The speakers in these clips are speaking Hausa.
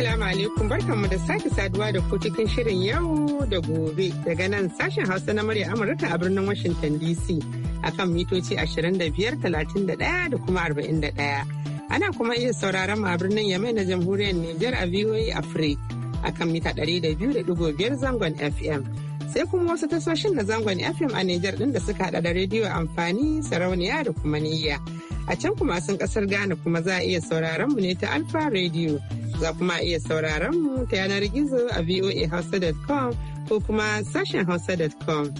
Assalamu alaikum barkanmu da sake saduwa da ku cikin shirin yau da gobe daga nan sashen Hausa na murya Amurka a birnin Washington DC akan mitoci 25, 31 da kuma 41. Ana kuma iya sauraron a birnin Yamai na jamhuriyar Nijar a VOA Africa akan mita 200.5 zangon FM. Sai kuma wasu tasoshin na zangon FM a Nijar ɗin da suka haɗa da rediyo amfani, sarauniya da kuma niyya. A can kuma sun kasar Ghana kuma za a iya sauraron mu ne ta alpha Radio. Za kuma iya sauraron mu ta yanar gizo a voahausa.com ko kuma sashen hausa.com.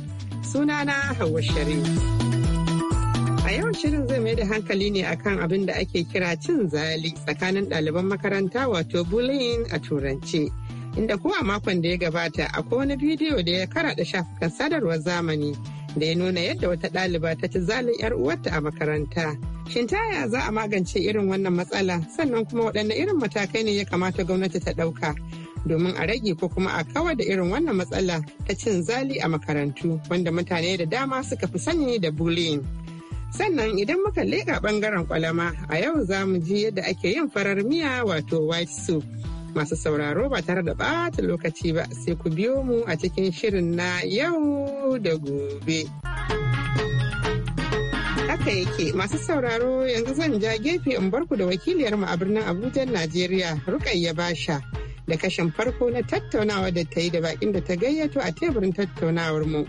na Hauwa Sharif. A yawan shirin zai mai da hankali ne akan abin da ake kira cin zali tsakanin ɗaliban makaranta wato bullying a turance. Inda kuwa makon da ya gabata akwai wani bidiyo da ya karaɗa shafukan sadarwar zamani da ya nuna yadda wata ɗaliba ta ci zalin 'yar uwarta a makaranta. Shin ta yaya za a magance irin wannan matsala sannan kuma waɗanne irin matakai ne ya kamata gwamnati ta ɗauka domin a rage ko kuma a kawar da irin wannan matsala ta cin zali a makarantu wanda mutane da dama suka fi sani da bullying. Sannan idan muka leƙa ɓangaren kwalama a yau za mu ji yadda ake yin farar miya wato white soup. masu sauraro ba tare da ɓata lokaci ba sai ku biyo mu a cikin shirin na yau da gobe. Haka yake masu sauraro yanzu zan ja gefe in barku da wakiliyar mu a birnin Abuja Najeriya Rukayya Basha da kashin farko na tattaunawa da ta yi da bakin da ta gayyato a teburin tattaunawar mu.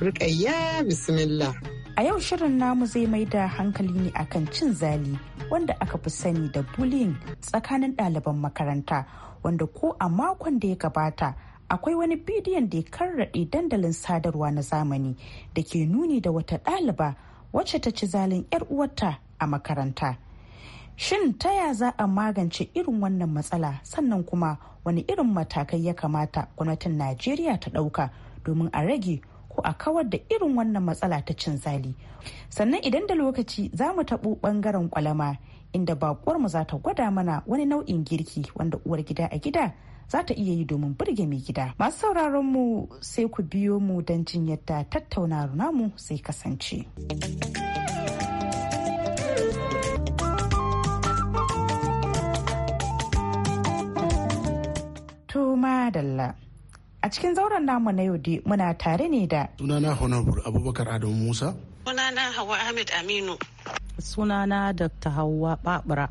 Rukayya bismillah. A yau shirin namu zai mai da hankali ne akan cin zali wanda aka fi sani da bullying tsakanin ɗaliban makaranta wanda ko a makon da ya gabata akwai wani bidiyon da ya karraɗe dandalin sadarwa na zamani da ke nuni da wata ɗaliba wacce ta ci zalin 'yar uwarta a makaranta. Shin ta ya za a magance irin wannan matsala sannan kuma wani irin matakai ya kamata gwamnatin Najeriya ta ɗauka domin a rage uku a kawar da irin wannan matsala ta cin zali sannan idan da lokaci za mu taɓo ɓangaren kwalama inda bakuwar mu za ta gwada mana wani nau'in girki wanda uwar gida a gida za ta iya yi domin burge mai gida masu sauraron mu sai ku biyo mu don jin yadda tattauna namu sai kasance. To madalla. A cikin zauren namu na yau dai muna tare ne da. Sunana Honorable Abubakar Adamu Musa. Sunana Hawa Ahmed Aminu. Sunana Dr. hawa Babura.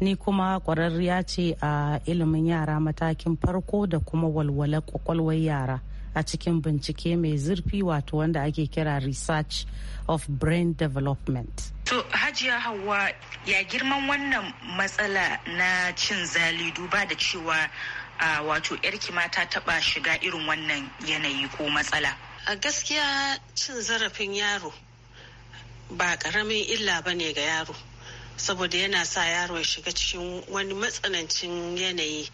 Ni kuma kwararriya ce a ilimin yara matakin farko da kuma walwala kwakwalwar yara a cikin bincike mai zurfi wato wanda ake kira research of brain development. To Hajiya Hauwa ya girman wannan matsala na cin zali duba da cewa A wato yarki mata ta taba shiga irin wannan yanayi ko matsala a gaskiya cin zarafin yaro ba karamin illa ba ne ga yaro saboda yana sa yaro ya shiga cikin wani matsanancin yanayi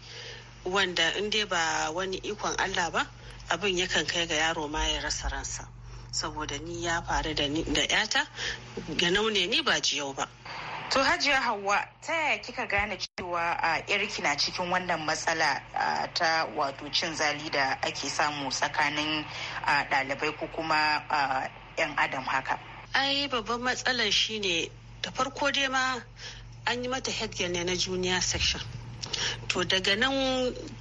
wanda in dai ba wani ikon allah ba abin yakan kai ga yaro ma ya rasa ransa saboda ni ya faru da yata ga naune ni ba jiyau ba To Hajiya Hauwa ta yaya kika gane cewa a yarki na cikin wannan matsala ta wato cin zali da ake samu tsakanin ɗalibai ko kuma 'yan adam haka? Ai babban matsalar shine da farko dai ma an yi mata headgear ne na junior section. to daga nan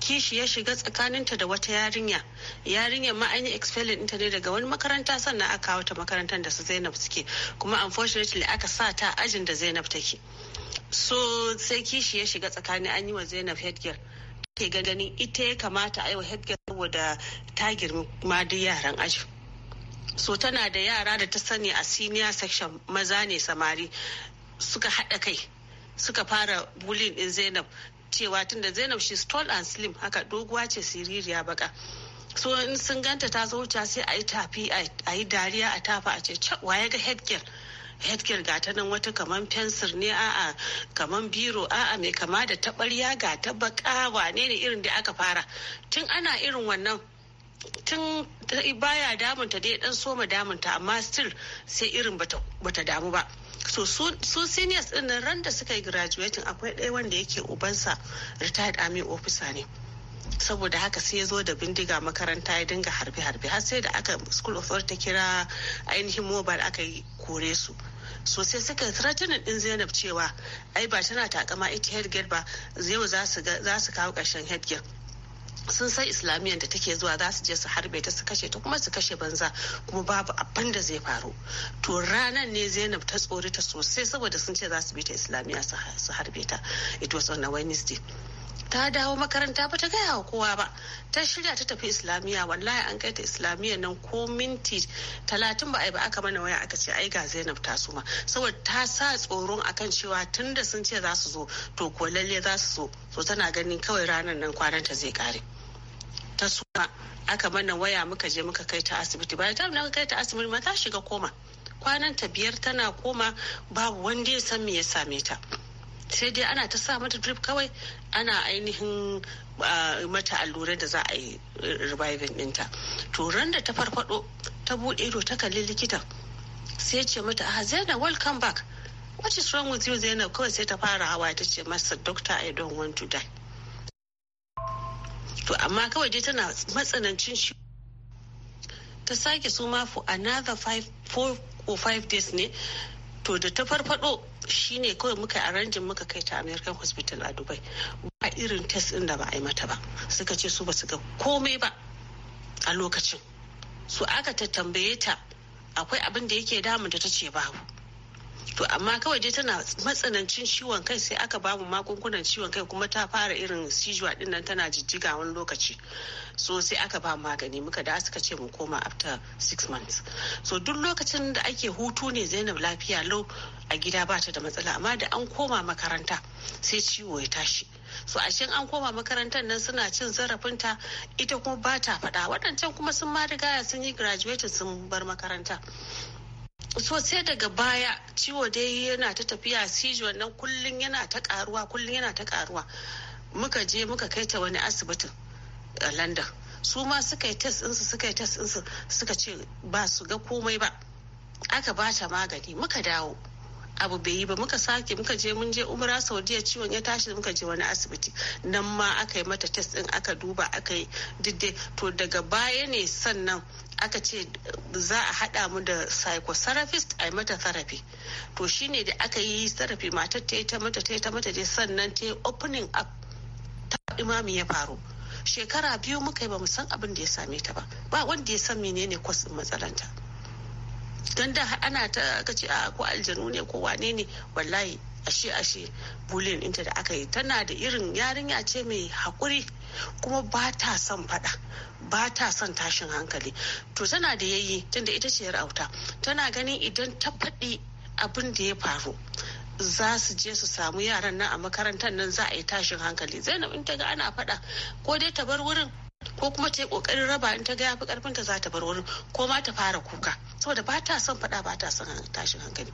kishi ya shiga tsakaninta da wata yarinya Yarinya ma an yi expelling ɗinta ne daga wani makaranta sannan aka wata makarantar da su zainab suke kuma unfortunately aka sa ta ajin da zainab take so sai kishi ya shiga tsakanin an yi wa zainab headgear ke gani ita ya kamata a yi wa headgear saboda ta girma duk yaran aji so tana da yara da ta sani a senior section maza ne samari suka haɗa kai suka fara bullying din zainab cewa da zainab shi tall and slim haka doguwa ce siririya baka so in sun ganta ta zo sai a yi tafi a yi dariya a tafa a ce waye ga headgear headgear ga ta nan wata kaman fensir ne a'a kaman biro a'a mai kama da taɓarya ga ta baka wane ne irin da aka fara tun ana irin wannan tun baya damunta dai dan soma damunta amma still sai irin bata damu ba so su seniors din ran da suka yi graduating akwai ɗaya wanda yake ubansa retired army officer ne saboda haka sai ya zo da bindiga makaranta ya dinga harbe-harbe har sai da aka school authority ta kira ainihin mobile aka yi kore su Sosai sai suka threatening din zainab cewa ai ba tana takama ita headgear ba yau za su kawo ƙarshen headgear sun san islamiyyar da take zuwa za su je su harbe ta su kashe ta kuma su kashe banza kuma babu abin da zai faru to ranar ne zainab ta tsorita sosai saboda sun ce za su bi ta islamiyya su harbe ta it was on wednesday ta dawo makaranta ba ta gaya wa kowa ba ta shirya ta tafi islamiyya wallahi an kai ta islamiyya nan ko minti talatin ba a yi ba aka mana waya aka ce ai ga zainab ta suma saboda ta sa tsoron akan cewa tun da sun ce za su zo to ko lalle za su zo so tana ganin kawai ranar nan ta zai kare ta suma aka mana waya muka je muka kai ta asibiti bayan ta muka kai ta asibiti ma ta shiga koma kwanan ta biyar tana koma babu wanda ya san me ya same ta sai dai ana ta sa mata drip kawai ana ainihin ah, mata allurai da za a yi eh, reviving ɗinta to ran da ta farfado ta bude ido ta kalli likita sai ce mata a zainab welcome back what is wrong with you zainab kawai sai ta fara hawa ta ce masa doctor i don't want to die to amma kawai dai tana matsanancin shi ta sake suma for another five, four or five days ne to da ta farfado shine kawai muka a ranjin muka kai ta american hospital a dubai ba irin test din da ba a yi mata ba suka ce su ba su ga komai ba a lokacin su aka ta tambaye ta akwai abin da yake da ta ce babu to amma kawai dai tana matsanancin ciwon kai sai aka bamu magungunan ciwon kai kuma ta fara irin sijuwa din nan tana jijjiga wani lokaci so sai aka ba magani muka da suka ce mu koma after six months so duk lokacin da ake hutu ne zainab lafiya lau a gida ba ta da matsala amma da an koma makaranta sai ciwo ya tashi so ashe an koma makarantar nan suna cin zarafinta ita kuma ba ta faɗa waɗancan kuma sun ma riga sun yi graduating sun bar makaranta so sai daga baya ciwo dai yana ta tafiya siji wannan kullum yana ta karuwa kullum yana ta karuwa muka je muka kai ta wani asibitin a london su ma suka yi test insu suka yi test insu suka ce ba su ga komai ba aka ba ta magani muka dawo abu bai yi ba muka sake muka je mun je umra saudiya ciwon ya tashi muka je wani asibiti nan ma aka yi mata test din aka duba aka yi diddai to daga baya ne sannan aka ce za a haɗa mu da psychotherapist a yi mata therapy to shine da aka yi therapy matar ta yi ta mata ta yi ta mata dai sannan ta yi opening up ta imami ya faru shekara biyu muka yi ba mu san abin da ya same ta ba ba wanda ya san menene kwas matsalanta don da ana ta ce a ah, ko aljanu ne ko wane ne wallahi ashe ashe bulin inta da aka yi tana da irin yarinya ce mai haƙuri kuma ba ta son faɗa ba ta son tashin hankali to tana da yayi tunda ita ce auta tana ganin idan ta faɗi abin da ya faru za su je su samu yaran nan a makarantar nan za a yi tashin hankali zainab in ta ga ana faɗa ko dai ta bar wurin ko kuma ta yi ƙoƙarin raba in ta ga karfin ta za ta bar wurin ko ma ta fara kuka saboda ba ta son faɗa ba ta son tashin hankali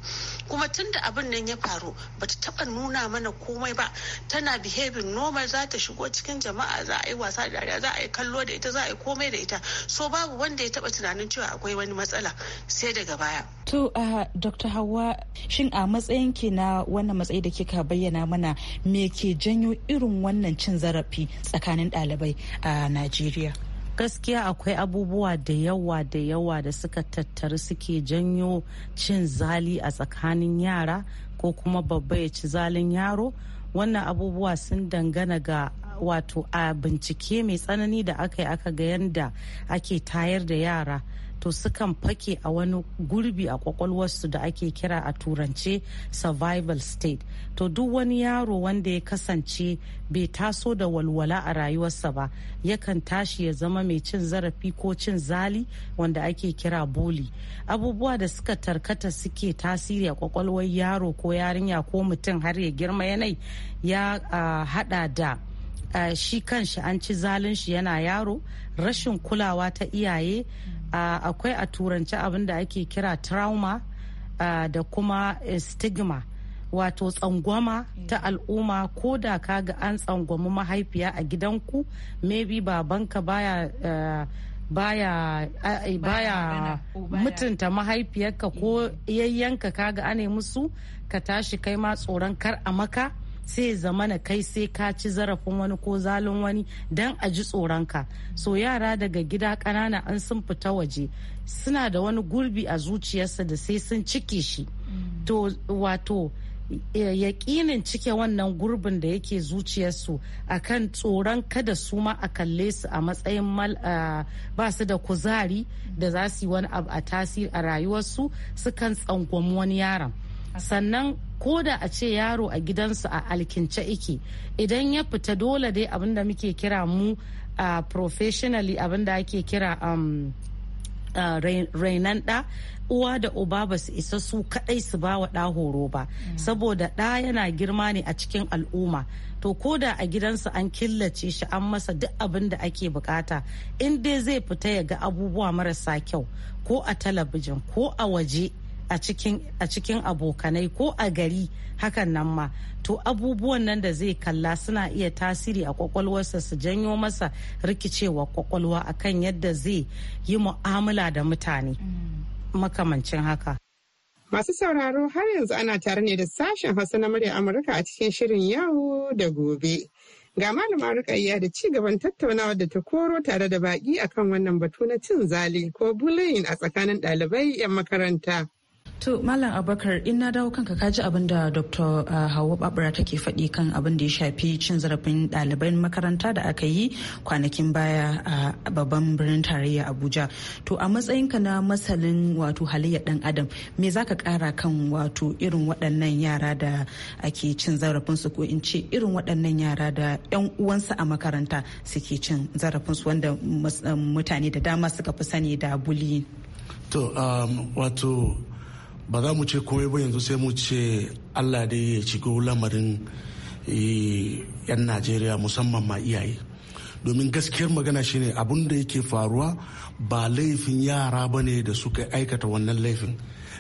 kuma tunda abin nan ya faru ba ta taɓa nuna mana komai ba tana behaving normal za ta shigo cikin jama'a za a yi wasa da dariya za a yi kallo da ita za a yi komai da ita so babu wanda ya taɓa tunanin cewa akwai wani matsala sai daga baya. to a uh, dr hawa shin a matsayin ki na wannan matsayi da kika bayyana mana me ke janyo irin wannan cin zarafi tsakanin ɗalibai a najeriya. gaskiya akwai abubuwa da yawa da yawa da suka tattaru suke janyo cin zali a tsakanin yara ko kuma babba ya ci zalin yaro wannan abubuwa sun dangana ga wato a bincike mai tsanani da aka yi aka ga yadda ake tayar da yara to sukan fake a wani gurbi a kwakwalwarsu da ake kira a turance survival state to duk wani yaro wanda ya kasance bai taso da walwala a rayuwarsa ba yakan tashi ya zama mai cin zarafi ko cin zali wanda ake kira boli abubuwa da suka tarkata suke tasiri a kwakwalwar yaro ko yarinya ko mutum har ya girma yanayi ya hada da shi kanshi an ci zalunshi shi yana yaro rashin kulawa ta iyaye akwai a turanci abin da ake kira trauma da kuma stigma wato tsangwama ta al'umma ko da kaga ga an tsangwami mahaifiya a gidanku maybe babanka baya uh, baya baya mutunta mahaifiyarka ko mm. yayyanka kaga ane musu ka tashi kai ma tsoron kar a maka sai zamana kai sai ka ci zarafin wani ko zalin wani don a ji tsoronka so yara daga gida ƙanana an sun fita waje suna da wani gurbi a zuciyarsa da sai sun cike shi mm. to wato yaƙinin cike wannan gurbin da yake zuciyarsu a kan tsoron kada su ma a kalle su a matsayin ba su da kuzari da za su yi wani abu a tasiri a rayuwarsu su kan tsangwami wani yaron sannan ko da a ce yaro a gidansu a alkince ike idan ya fita dole dai abinda muke kira mu uh, professionally abinda ake kira um, Uh, rainan ɗa uwa da uba ba su isa su kadai su ba wa ɗa horo ba mm. saboda ɗa yana girma ne a cikin al'umma to ko da a gidansa an killace shi an masa duk abin da ake bukata in dai zai fita ya ga abubuwa marasa kyau ko a talabijin ko a waje a cikin abokanai ko a gari hakan nan ma to abubuwan nan da zai kalla suna iya tasiri a kwakwalwarsa su janyo masa rikicewa kwakwalwa akan yadda zai yi mu'amala da mutane mm. makamancin haka Masu sauraro har yanzu ana tare ne da sashen Hausa na murya Amurka a cikin shirin yawo da gobe. Ga malama Rukayya da ci gaban tattaunawar da ta koro tare da baki akan wannan batu na cin zali ko bullying a tsakanin ɗalibai 'yan makaranta. To Malam Abubakar in na dawo kanka kaji abin da Dr. Uh, Hauwa Babura take faɗi kan abin da ya shafi cin zarafin ɗaliban makaranta da aka yi kwanakin baya a babban birnin tarayya Abuja. To a matsayinka na masalin wato halayyar ɗan adam me za ka ƙara kan wato irin waɗannan yara da ake cin zarafin su ko in ce irin waɗannan yara da 'yan uwansu a makaranta suke cin zarafin su wanda mutane da dama suka fi sani da bullying. To um, wato ba za mu ce komai ba yanzu sai mu ce allah dai ya shigo lamarin eh, yan najeriya musamman ma iyaye domin gaskiyar magana shine abun da yake faruwa ba laifin yara ba ne da suka aikata wannan laifin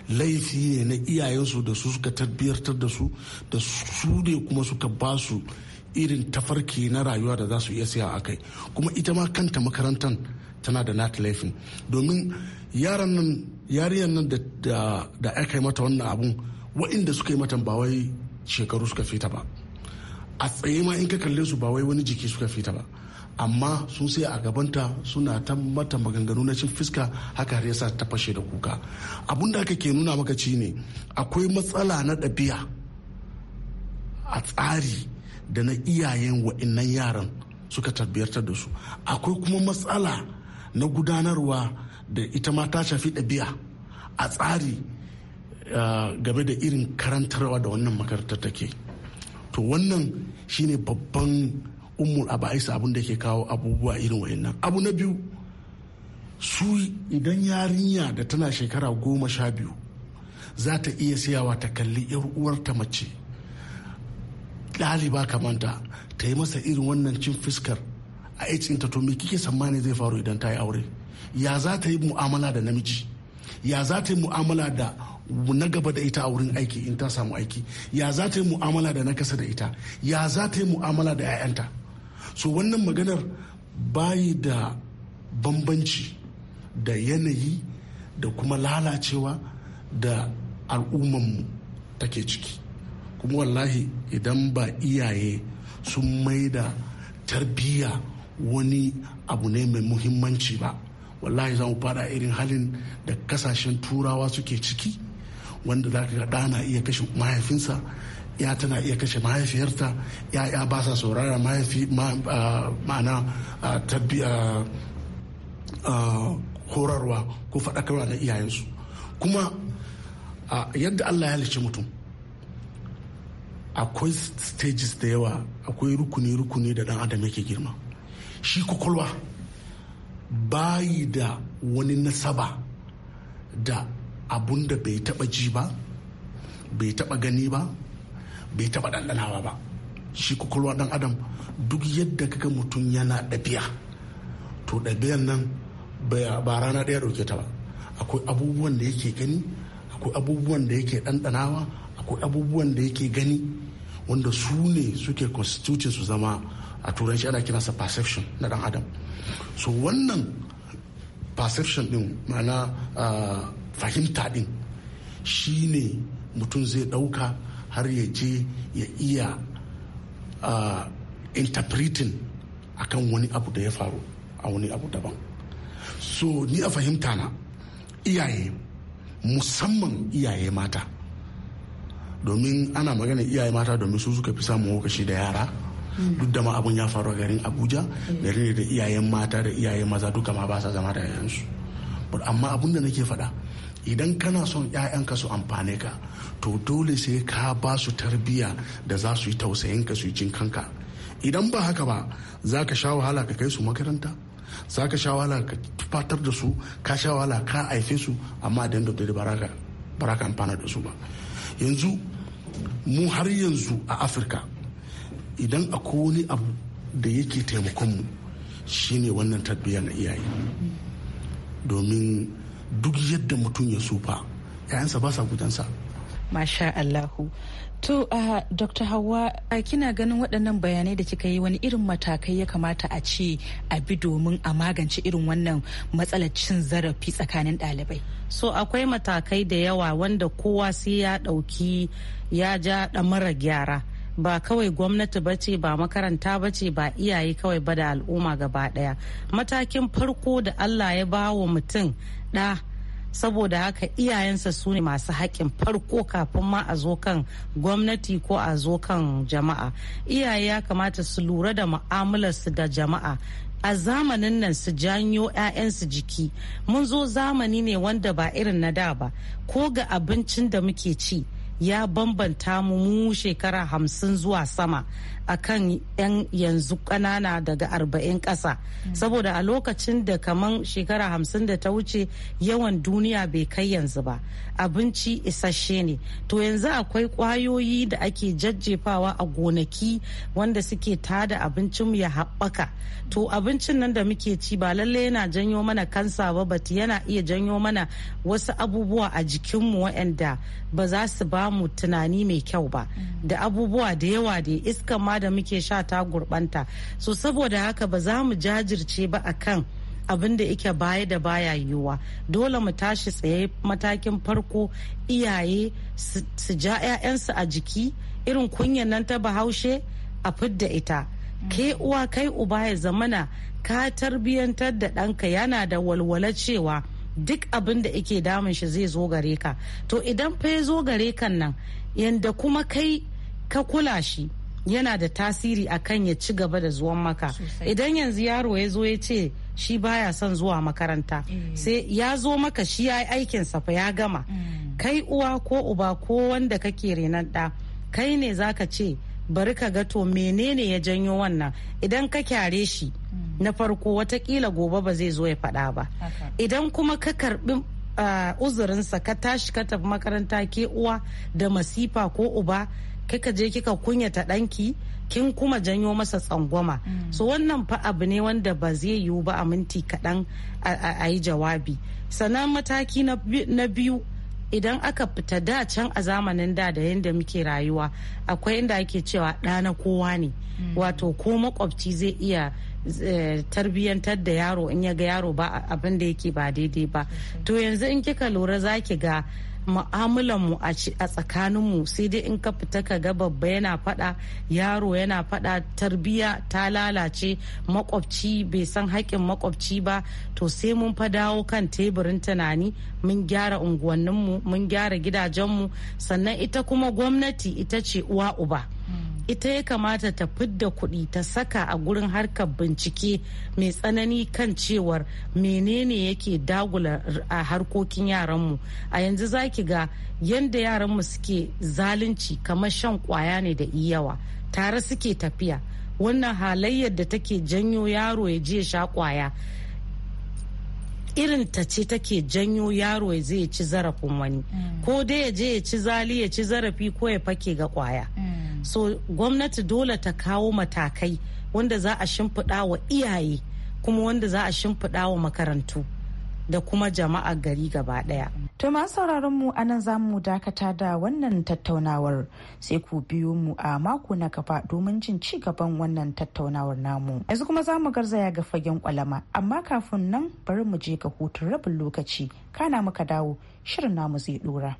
laifi ne na iyayensu da su suka tarbiyartar da su da su ne kuma suka ba su irin tafarki na rayuwa da za su iya siya a kai kuma ita ma kanta makarantar tana da nata laifin domin yaran nan yariyan nan da aka yi mata wannan abun wa'inda suka yi mata ba wai shekaru suka fita ba a tsaye ma in ka kalle su ba wai wani jiki suka fita ba amma sun sai a gabanta suna ta mata maganganu na cin fiska haka har yasa ta fashe da kuka abun da aka ke nuna maka ci ne akwai matsala na ɗabi'a a tsari da na iyayen wa'innan yaran suka tarbiyartar da su akwai kuma matsala na gudanarwa da ita ma ta shafi ɗabi'a a tsari game da irin karantarwa da wannan makarantar take to wannan shine babban umur a ba'isa abin da ke kawo abubuwa irin wayannan abu na biyu su idan yarinya da tana shekara goma sha biyu za ta iya siyawa ta kalli yar uwarta mace ɗaliba kamanta ta yi masa irin wannan cin fuskar a aids ta to me kike tsammani zai faru idan ta yi aure ya za ta yi mu'amala da namiji ya za ta yi mu'amala da na gaba da ita a wurin aiki in ta samu aiki ya za ta yi mu'amala da na kasa da ita ya za ta yi mu'amala da 'ya'yanta so wannan maganar bayi da bambanci da yanayi da kuma lalacewa da al'ummanmu take ciki kuma wallahi idan ba iyaye sun maida tarbiyya wani abu ne mai muhimmanci ba wallahi za mu fada irin halin da kasashen turawa suke ciki wanda za ka ga na iya kashe mahaifinsa ya tana iya kashe mahaifiyarta ya ba sa saurara mahaifi ma'ana tabbiya horarwa ko faɗakarwa na iyayensu kuma yadda allah ya halicci mutum akwai stages da yawa akwai rukuni-rukuni da dan adam yake girma shi kwakwalwa bayi da wani nasaba da abun da bai taba ji ba bai taba gani ba bai taba ɗanɗanawa ba shi kwakwalwa ɗan adam duk yadda kaga mutum yana ɗabiya to ɗabiyan nan ba rana ɗaya ɗauke ta ba akwai abubuwan da yake gani akwai abubuwan da yake ɗanɗanawa akwai abubuwan da yake gani wanda su ne suke constitution su zama a turanci ana kiransa perception na dan adam so wannan perception din ma'ana fahimta din shine mutum zai dauka har ya je ya iya interpreting akan wani abu da ya faru a wani abu daban so ni a fahimta na iyaye musamman iyaye mata domin ana magana iyaye mata domin su suka fi samun lokaci da yara duk da ma abun ya faru a garin abuja gari ne da iyayen mata da iyayen maza duka ma ba sa zama da yayansu amma abun da nake faɗa idan kana son 'ya'yanka su amfane ka to dole sai ka ba su tarbiyya da za su yi tausayinka su yi cin kanka idan ba haka ba za ka sha wahala ka kai su makaranta za ka sha wahala ka fatar da su ka sha wahala ka haife su amma da da baraka baraka amfana da su ba yanzu mu har yanzu a afirka idan akwai wani abu da yake taimakon mu shine wannan tarbiyya na iyaye domin duk yadda mutum ya sufa 'ya'yansa ba sa gudansa masha Allahu. To, uh, Dr. Hawa, uh, kina ganin waɗannan bayanai da kika yi wani irin matakai ya kamata a ce a bi domin a magance irin wannan matsalar cin zarafi tsakanin ɗalibai? So, akwai matakai da yawa wanda kowa sai ya ɗauki ya ja ɗamara gyara. ba kawai gwamnati ba ce ba makaranta ba ce ba iyaye kawai ba da al'umma gaba daya matakin farko da allah ya ba wa mutum ɗa saboda haka iyayensa su ne masu haƙƙin farko kafin ma a zo kan gwamnati ko a zo kan jama'a iyaye ya kamata su lura da mu'amalarsu da jama'a a zamanin nan su janyo 'ya'yansu jiki mun zo zamani ne wanda ba irin na da ba ko ga abincin da muke ci ya bambanta mu mu shekara hamsin zuwa sama a kan yan yanzu ƙanana daga arba'in ƙasa saboda a lokacin da kaman shekara hamsin da ta wuce yawan duniya bai kai yanzu ba abinci isasshe ne to yanzu akwai ƙwayoyi da ake jajjefawa a gonaki wanda suke tada abincinmu ya haɓaka to abincin nan da muke ci ba lalle yana janyo mana kansa ba yana iya janyo mana wasu abubuwa a jikinmu waɗanda ba za su ba mu tunani mai kyau ba da abubuwa da yawa da iskan ma da muke sha ta gurbanta so saboda haka ba za mu jajirce ba akan abin da yake baya da baya yiwuwa dole mu tashi tsaye matakin farko iyaye su ja 'ya'yansu a jiki irin kunyan nan ta bahaushe a fidda ita ke uwa kai uba ya zamana ka tarbiyyantar da ɗanka yana da walwala cewa duk abin da yake damun shi zai zo gare ka to idan fa ya zo gare kan nan yanda kuma kai ka kula shi yana da tasiri akan ya ci gaba da zuwan maka idan yanzu yaro ya zo ya ce shi baya son zuwa makaranta eh. sai ya zo maka shi ya yi aikinsa fa ya gama mm. kai uwa ko uba ko wanda kake renan ɗa kai ne zaka ce bari ka ga to menene ya janyo wannan idan ka kyare shi na farko watakila gobe ba zai zo ya faɗa ba idan kuma ka karbi uzurinsa ka tashi ka tafi makaranta ke uwa da masifa ko uba kika je kika kunyata ɗanki kin kuma janyo masa tsangwama mm. so wannan fa abu ne wanda ba zai yiwu ba a minti kaɗan a yi jawabi sannan mataki na biyu idan aka fita da can a zamanin da da yadda muke rayuwa akwai inda ake cewa ɗana kowa ne mm. wato ko makwabci zai iya eh, tarbiyyantar da yaro in ya ga yaro ba abinda da yake ba daidai ba mm. to yanzu in kika lura za ki ga mu a tsakanin mu sai dai in ka fita ka ga babba yana fada yaro yana fada tarbiya ta lalace makwabci bai san haƙƙin makwabci ba to sai mun fa dawo kan teburin tunani mun gyara unguwanninmu mun gyara gidajenmu sannan ita kuma gwamnati ita ce uwa uba ita ya kamata ta fidda kuɗi ta saka a gurin harkar bincike mai tsanani kan cewar menene yake dagula a harkokin yaranmu a yanzu za ki ga yadda yaranmu suke zalunci kamar shan kwaya ne da iyawa tare suke tafiya wannan halayyar da take janyo yaro ya je sha kwaya irin ta ce take janyo yaro ya zai ci zarafin wani mm. ko dai ya je ya ci zali ya ci zarafi ko ya fake ga kwaya mm. so gwamnati dole ta kawo matakai wanda za a shimfiɗa wa iyaye kuma wanda za a shimfiɗa wa makarantu da kuma jama'a gari gaba daya. To masu sauraron mu anan za mu dakata da wannan tattaunawar sai ku biyo mu a mako na gaba domin jin ci gaban wannan tattaunawar namu. Yanzu kuma za mu garzaya ga fagen kwalama amma kafin nan bari mu je ga hutun rabin lokaci kana muka dawo shirin namu zai dora.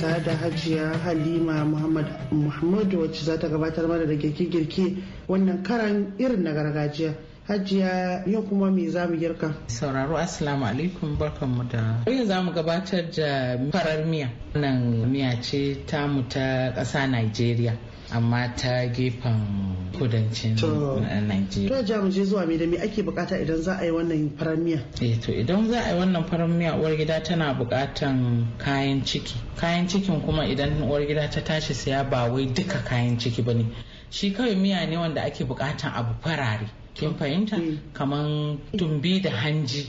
tare da hajiya halima muhammad muhammadu wacce za ta gabatar mana da girke-girke wannan karan irin na gargajiya hajiya yau kuma me za mu girka sauraro assalamu alaikum barkanmu da yau za mu gabatar da farar miya nan miya ce tamu ta ƙasa nigeria amma ta gefen kudancin Najeriya. To mu je zuwa me da me ake bukata idan za a yi wannan farar miya? Eh to idan za a yi wannan farar miya uwar gida tana bukatan kayan ciki. Kayan cikin kuma idan uwar gida ta tashi siya ba wai duka kayan ciki bane. Shi kawai miya ne wanda ake bukatan abu farare. kin fahimta mm. kaman tumbi da hanji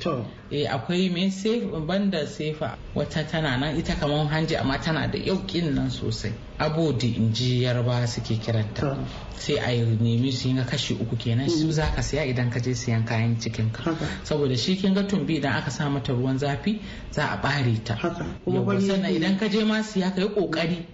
eh akwai mai sefa banda sefa wata tana nan ita kaman hanji amma tana da yaukin nan sosai abodi in ji yarba suke kiranta sai a yi nemi su yi kashi uku kenan su mm. za ka siya idan ka je siyan kayan cikin ka saboda shi kin ga tumbi idan aka sa mata ruwan zafi za a bare ta sannan idan ka je ma siya ka yi kokari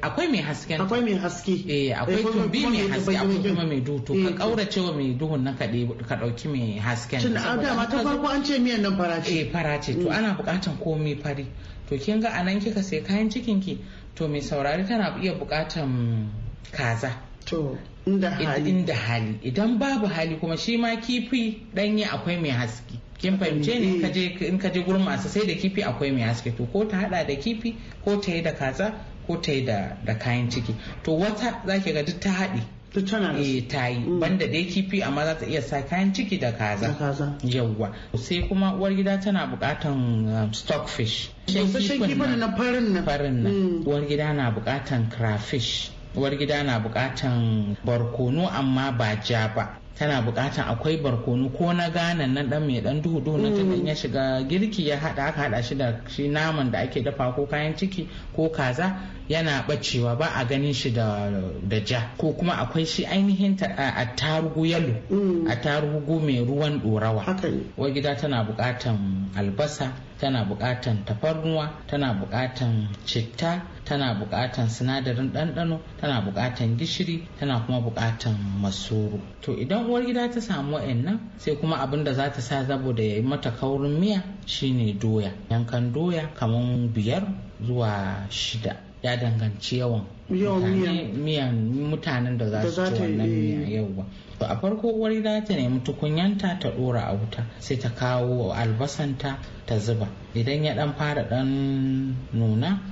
akwai mai hasken akwai mai haske eh akwai tumbi mai haske akwai kuma mai duto ka eh, kaura cewa mai duhun na kaɗe ka dauki mai hasken shin a dama ta farko an ce miyan nan farace eh farace to mm. ana bukatan komai fari to kin ga anan kika sai kayan cikin ki to mai saurari tana iya bukatan kaza to inda hali inda hali idan babu hali kuma shi ma kifi danye akwai mai haske kin fahimce ne mm, eh. in ka je gurin masu sai da kifi akwai mai haske to ko ta hada da kifi ko ta yi da kaza ko ta yi da kayan ciki to wata za ki ga duk ta haɗi e ta yi mm. banda dai kifi amma za ta iya sa kayan ciki da kaza yawwa sai kuma uwar gida tana bukatan um, stockfish kifin na farin nan farin mm. uwar na bukatan crayfish uwar gida na bukatan barkono amma ba ja ba tana bukatan akwai barkono ko na ganan nan dan mai dan duhu duhu na mm. tunan ya shiga girki ya hada aka hada shi da shi naman da ake dafa ko kayan ciki ko kaza yana bacewa ba a ganin shi da ja ko kuma akwai shi ainihin ta a tarugu yalo mm. A tarugu mai ruwan dorawa wa gida tana bukatan albasa tana bukatan tafarnuwa tana bukatan citta tana buƙatan sinadarin ɗanɗano tana buƙatan gishiri tana kuma buƙatan masoro to idan uwar gida ta samu wa'annan sai kuma abin da za ta sa saboda ya yi mata kaurin miya shine doya yankan doya kamar biyar zuwa shida ya danganci yawan miyan mutanen da za su ci wannan miya ba. to a farko uwar gida ta nemi tukunyanta ta dora a wuta sai ta kawo albasanta ta zuba idan ya dan fara dan nuna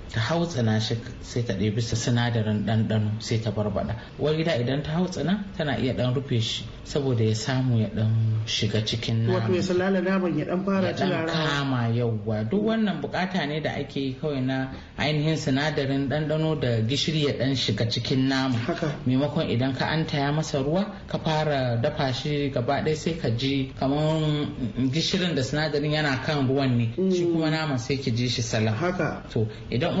ta hautsina shi sai ta ɗebi sinadarin ɗanɗano sai ta barbaɗa wani gida idan ta tsana tana iya ɗan rufe shi saboda ya samu ya ɗan shiga cikin nama wato ya salala naman ya ɗan fara ya kama yauwa duk wannan bukata ne da ake yi kawai na ainihin sinadarin ɗanɗano da gishiri ya ɗan shiga cikin nama maimakon idan ka an taya masa ruwa ka fara dafa shi gaba ɗaya sai ka ji kamar gishirin da sinadarin yana kan ruwan ne shi mm. kuma nama sai ki ji shi salam haka to idan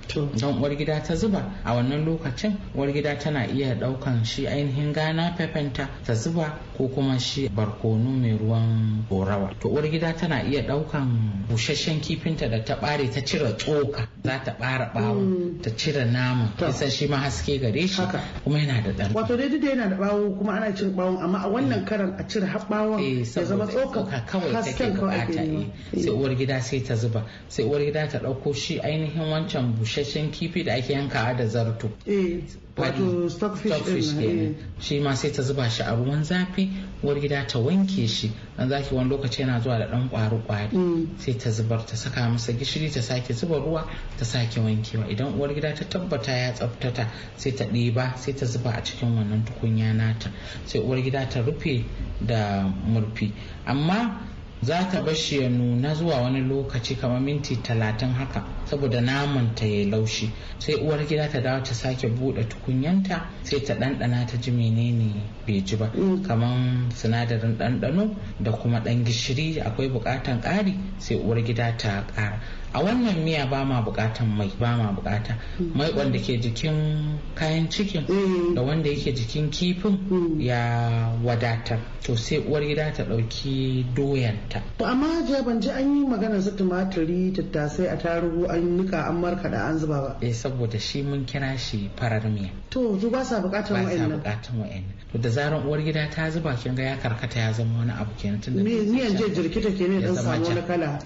don uwar gida ta zuba a wannan lokacin uwar gida tana iya daukan shi ainihin gana pepenta ta zuba ko kuma shi barkono mai ruwan gorawa to uwar gida tana iya daukan busasshen kifinta da ta bare ta cire tsoka za ta bara bawo mm. ta cire nama kisa shi ma haske gare shi kuma yana da dan wato dai duk yana da bawo kuma ana cin bawon amma a wannan mm. karan a cire har bawon eh, ya zama tsoka kawai take bukata eh. sai uwar gida sai ta zuba sai uwar gida ta dauko shi ainihin wancan bushe busasshen kifi da ake yankawa da zarto eh, wato stockfish ne eh. shi ma sai ta zuba shi a ruwan zafi uwargida gida ta wanke shi dan zaki wani lokaci yana zuwa da dan kwaru kwari mm. sai ta zubar ta saka masa gishiri ta sake zuba ruwa ta sake wankewa idan uwar gida ta tabbata ya tsaftata sai ta ɗeba sai ta zuba a cikin wannan tukunya nata sai uwar gida ta rufe da murfi amma za ka bashi ya nuna zuwa wani lokaci kamar minti talatin haka saboda naman ta ya laushi sai uwar gida ta dawo ta sake bude tukunyanta sai ta ɗanɗana ta ji menene bai ji ba mm. kamar sinadarin ɗanɗano da kuma ɗan gishiri akwai bukatan ƙari sai uwar gida ta ƙara a wannan miya ba ma bukatan mai ba ma bukata mm. mai wanda ke jikin kayan cikin mm. da wanda yake jikin kifin mm. ya wadatar to sai uwar gida ta dauki doyanta to amma je ban ji an yi magana su tumaturi tattasai a tarugu an nika an da an zuba ba eh saboda shi mun kira shi farar miya to su ba sa bukatan wa'annan ba sa bukatan wa'annan to da zaran uwar gida ta zuba kin ga ya karkata ya zama wani abu kenan tunda miyan je jirkita ne dan samu wani kala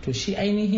to shi ainihin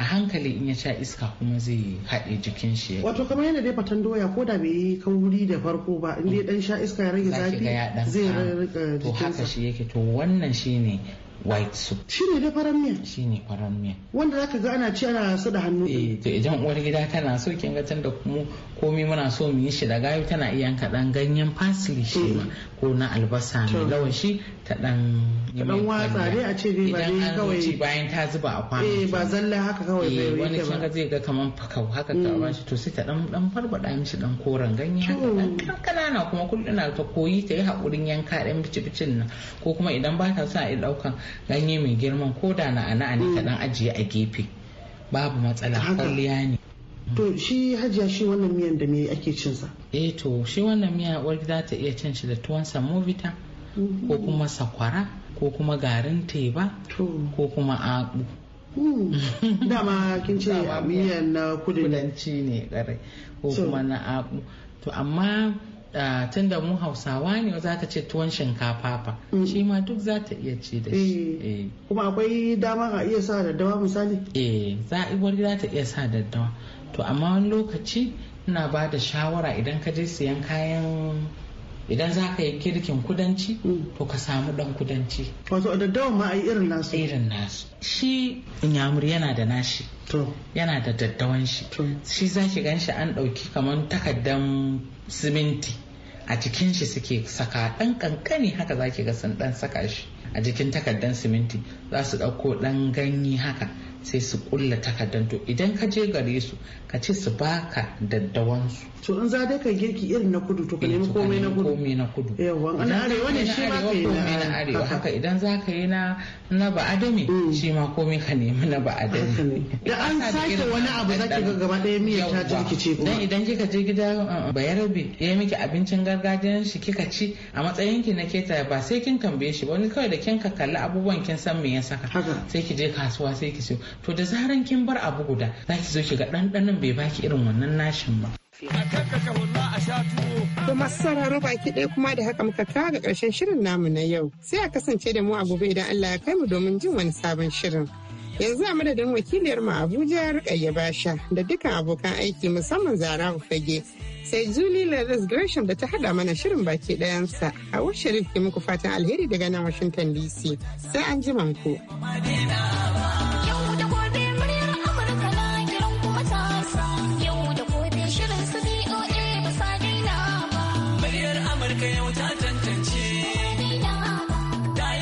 a hankali in ya sha iska kuma zai haɗe jikin shi wato kamar yana dai fatan doya ko da bai yi kauri da farko ba in dai dan sha iska ya rage zafi zai rage to haka shi yake to wannan shine white soup shi ne da faran miya shi ne farar miya wanda zaka ga ana ci ana su da hannu eh to idan uwar gida tana so kin ga tunda kuma komai muna so mu yi shi da gayu tana iya yanka ganyen parsley shi eh. ma ko na albasa mai lawan shi ta dan dan watsa dai a ce dai ba dai kawai bayan ta zuba a kwano eh ba zalla haka kawai bai eh, yi wani kin ga zai ga kaman fakau haka ka mm. ba shi to sai ta dan dan farbada mishi dan koren ganye haka dan kanana kuma kullun na ta koyi ta yi hakurin yanka dan bici-bicin nan ko kuma idan ba ta sa a daukan ganye mai girman ko da na ana ne ta dan mm. ajiye a gefe babu matsala kwalliya ne mm. to shi hajiya shi wannan miyan da me ake cin sa eh to shi wannan miya uwar gida ta iya cin shi da tuwon samovita ko kuma sakwara ko kuma garin teba ko kuma abu hmm. dama kin ce miyan na kudanci ne kare ko kuma na abu to amma tun da mu hausawa ne za ta ce tuwon shinkafa fa hmm. shi ma duk za ta iya ci da shi eh. Eh. kuma akwai dama a iya sa daddawa misali eh za ta iya sa daddawa to amma wani lokaci ina ba da shawara idan ka je siyan kayan idan za ka yi kirkin kudanci hmm. to ka samu dan kudanci wato a daddawa ma yi irin nasu irin nasu shi nyamur yana da nashi yana da daddawan shi shi za shi gan shi an ɗauki kamar takardan siminti a cikin shi suke saka ɗan kankani haka za ki ga sun ɗan saka shi a jikin takardan siminti za su ɗauko ɗan ganye haka sai su kulla takardan to idan ka je gare su ka ce su baka daddawan su to in za dai ka girki irin na kudu to ka eh, nemi komai na kudu komai na kudu yawa arewa ne shi ma ka yi na arewa haka idan za ka yi na na ba adami mm. shi ma komai ka nemi na ba adami da an sake wani abu za ki ga gaba daya miya ta jirkice kuma dan idan kika je gida uh, bayarabe ya miki abincin gargajiyan shi kika ci a matsayin ki na keta ba sai kin tambaye shi ba wani kawai da kin ka kalli abubuwan kin san me ya saka sai ki je kasuwa sai ki siyo to da zaran kin bar abu guda za ki zo ki ga ɗanɗanon bai baki irin wannan nashin ba. To masara sauraro baki ɗaya kuma da haka muka kawo ga ƙarshen shirin namu na yau. Sai a kasance da mu a gobe idan Allah ya kai mu domin jin wani sabon shirin. Yanzu a madadin wakiliyar mu Abuja Rukayya Basha da dukkan abokan aiki musamman Zara Fage. Sai Julie Lazarus Gresham da ta hada mana shirin baki ɗayansa. a Sharif ke muku fatan alheri daga nan Washington DC. Sai an jima ku.